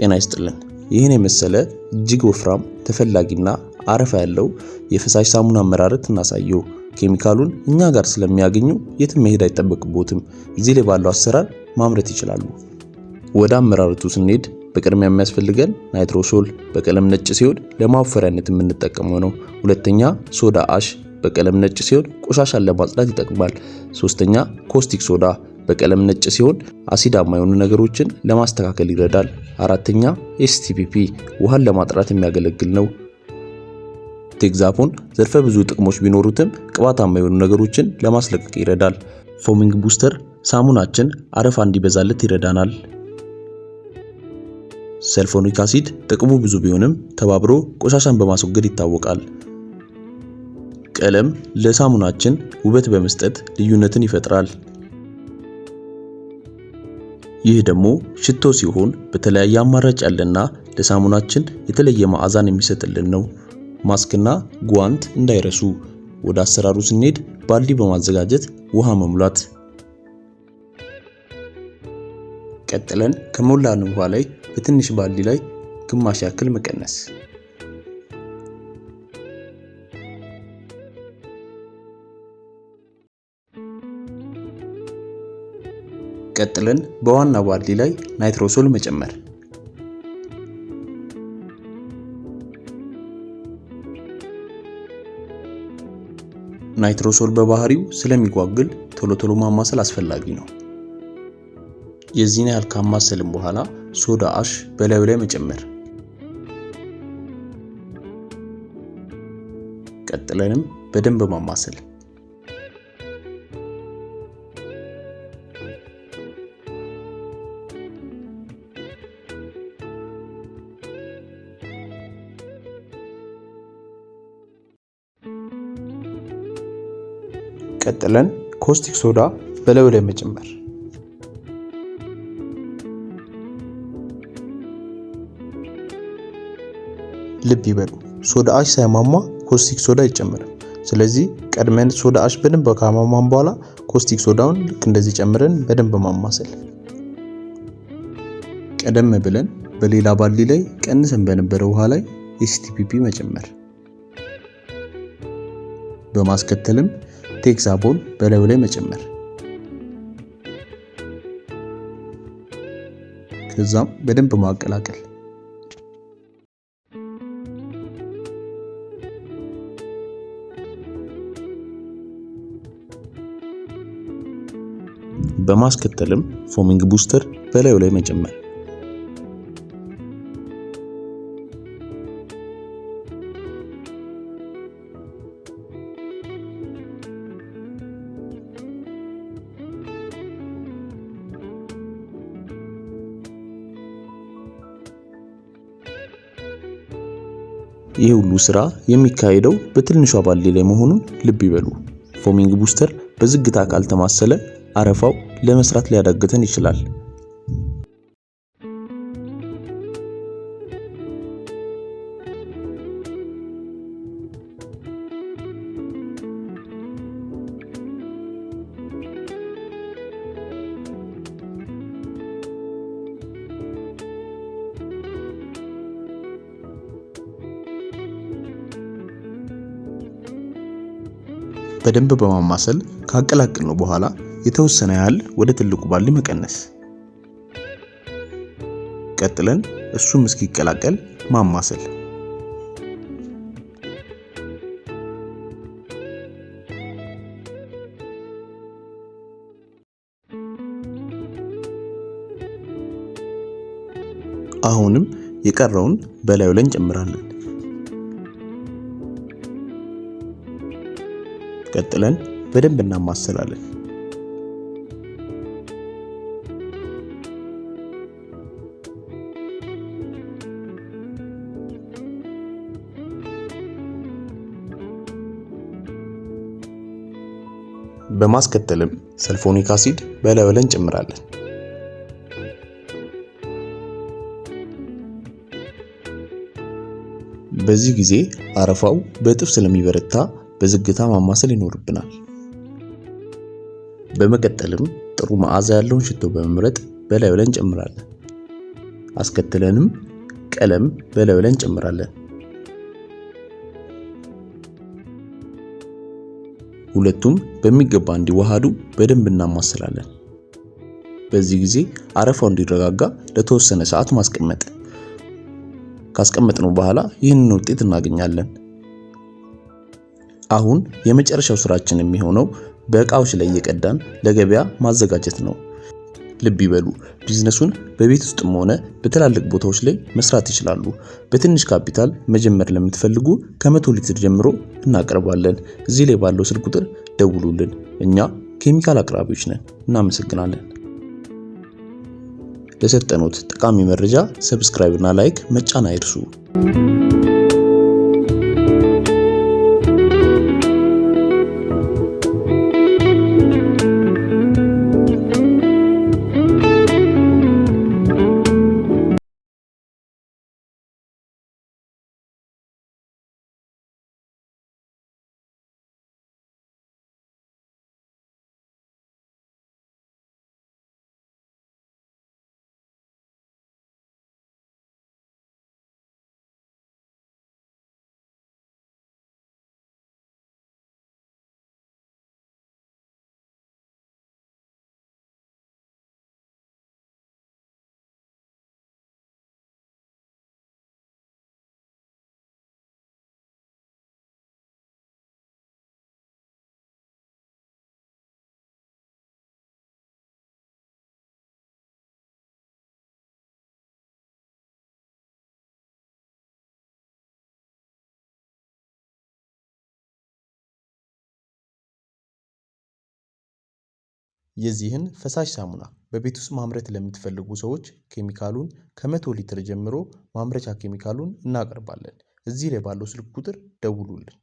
ጤና ይስጥልን። ይህን የመሰለ እጅግ ወፍራም ተፈላጊና አረፋ ያለው የፈሳሽ ሳሙና አመራረት እናሳየው። ኬሚካሉን እኛ ጋር ስለሚያገኙ የትም መሄድ አይጠበቅቦትም። እዚህ ላይ ባለው አሰራር ማምረት ይችላሉ። ወደ አመራረቱ ስንሄድ በቅድሚያ የሚያስፈልገን ናይትሮሶል በቀለም ነጭ ሲሆን ለማወፈሪያነት የምንጠቀመው ነው። ሁለተኛ ሶዳ አሽ በቀለም ነጭ ሲሆን ቆሻሻን ለማጽዳት ይጠቅማል። ሶስተኛ ኮስቲክ ሶዳ በቀለም ነጭ ሲሆን አሲዳማ የሆኑ ነገሮችን ለማስተካከል ይረዳል። አራተኛ ኤስቲፒፒ ውሃን ለማጥራት የሚያገለግል ነው። ቴግዛፎን ዘርፈ ብዙ ጥቅሞች ቢኖሩትም ቅባታማ የሆኑ ነገሮችን ለማስለቀቅ ይረዳል። ፎሚንግ ቡስተር ሳሙናችን አረፋ እንዲበዛለት ይረዳናል። ሰልፎኒክ አሲድ ጥቅሙ ብዙ ቢሆንም ተባብሮ ቆሻሻን በማስወገድ ይታወቃል። ቀለም ለሳሙናችን ውበት በመስጠት ልዩነትን ይፈጥራል። ይህ ደግሞ ሽቶ ሲሆን በተለያየ አማራጭ ያለና ለሳሙናችን የተለየ መዓዛን የሚሰጥልን ነው። ማስክና ጓንት እንዳይረሱ። ወደ አሰራሩ ስንሄድ ባልዲ በማዘጋጀት ውሃ መሙላት። ቀጥለን ከሞላን ውሃ ላይ በትንሽ ባልዲ ላይ ግማሽ ያክል መቀነስ ቀጥለን በዋና ባሊ ላይ ናይትሮሶል መጨመር ናይትሮሶል በባህሪው ስለሚጓግል ቶሎ ቶሎ ማማሰል አስፈላጊ ነው። የዚህን ያህል ካማሰልም በኋላ ሶዳ አሽ በላዩ ላይ መጨመር፣ ቀጥለንም በደንብ ማማሰል ቀጥለን ኮስቲክ ሶዳ በላዩ ላይ መጨመር ልብ ይበሉ ሶዳ አሽ ሳይሟሟ ኮስቲክ ሶዳ ይጨመራል። ስለዚህ ቀድመን ሶዳ አሽ በደንብ ካሟሟን በኋላ ኮስቲክ ሶዳውን ልክ እንደዚህ ጨምረን በደንብ ማማሰል። ቀደም ብለን በሌላ ባልዲ ላይ ቀንሰን በነበረ ውሃ ላይ ኤስቲፒፒ መጨመር በማስከተልም ቴክሳፖን በላዩ ላይ መጨመር ከዛም በደንብ ማቀላቀል። በማስከተልም ፎሚንግ ቡስተር በላዩ ላይ መጨመር ይህ ሁሉ ስራ የሚካሄደው በትንሿ ባሌ ላይ መሆኑን ልብ ይበሉ። ፎሚንግ ቡስተር በዝግታ ካልተማሰለ አረፋው ለመስራት ሊያዳግተን ይችላል። በደንብ በማማሰል ካቀላቀልነው በኋላ የተወሰነ ያህል ወደ ትልቁ ባሊ መቀነስ፣ ቀጥለን እሱም እስኪቀላቀል ማማሰል። አሁንም የቀረውን በላዩ ላይ እንጨምራለን። ቀጥለን በደንብ እናማስላለን። በማስከተልም ሰልፎኒክ አሲድ በለበለን እንጨምራለን። በዚህ ጊዜ አረፋው በእጥፍ ስለሚበረታ በዝግታ ማማሰል ይኖርብናል። በመቀጠልም ጥሩ መዓዛ ያለውን ሽቶ በመምረጥ በላዩ ላይ እንጨምራለን። አስከትለንም ቀለም በላዩ ላይ እንጨምራለን። ሁለቱም በሚገባ እንዲዋሃዱ በደንብ እናማስላለን። በዚህ ጊዜ አረፋው እንዲረጋጋ ለተወሰነ ሰዓት ማስቀመጥ። ካስቀመጥነው በኋላ ይህንን ውጤት እናገኛለን። አሁን የመጨረሻው ስራችን የሚሆነው በእቃዎች ላይ እየቀዳን ለገበያ ማዘጋጀት ነው። ልብ ይበሉ፣ ቢዝነሱን በቤት ውስጥም ሆነ በትላልቅ ቦታዎች ላይ መስራት ይችላሉ። በትንሽ ካፒታል መጀመር ለምትፈልጉ ከመቶ ሊትር ጀምሮ እናቀርባለን። እዚህ ላይ ባለው ስልክ ቁጥር ደውሉልን። እኛ ኬሚካል አቅራቢዎች ነን። እናመሰግናለን። ለሰጠኑት ጠቃሚ መረጃ ሰብስክራይብና ላይክ መጫን አይርሱ። የዚህን ፈሳሽ ሳሙና በቤት ውስጥ ማምረት ለምትፈልጉ ሰዎች ኬሚካሉን ከመቶ ሊትር ጀምሮ ማምረቻ ኬሚካሉን እናቀርባለን እዚህ ላይ ባለው ስልክ ቁጥር ደውሉልን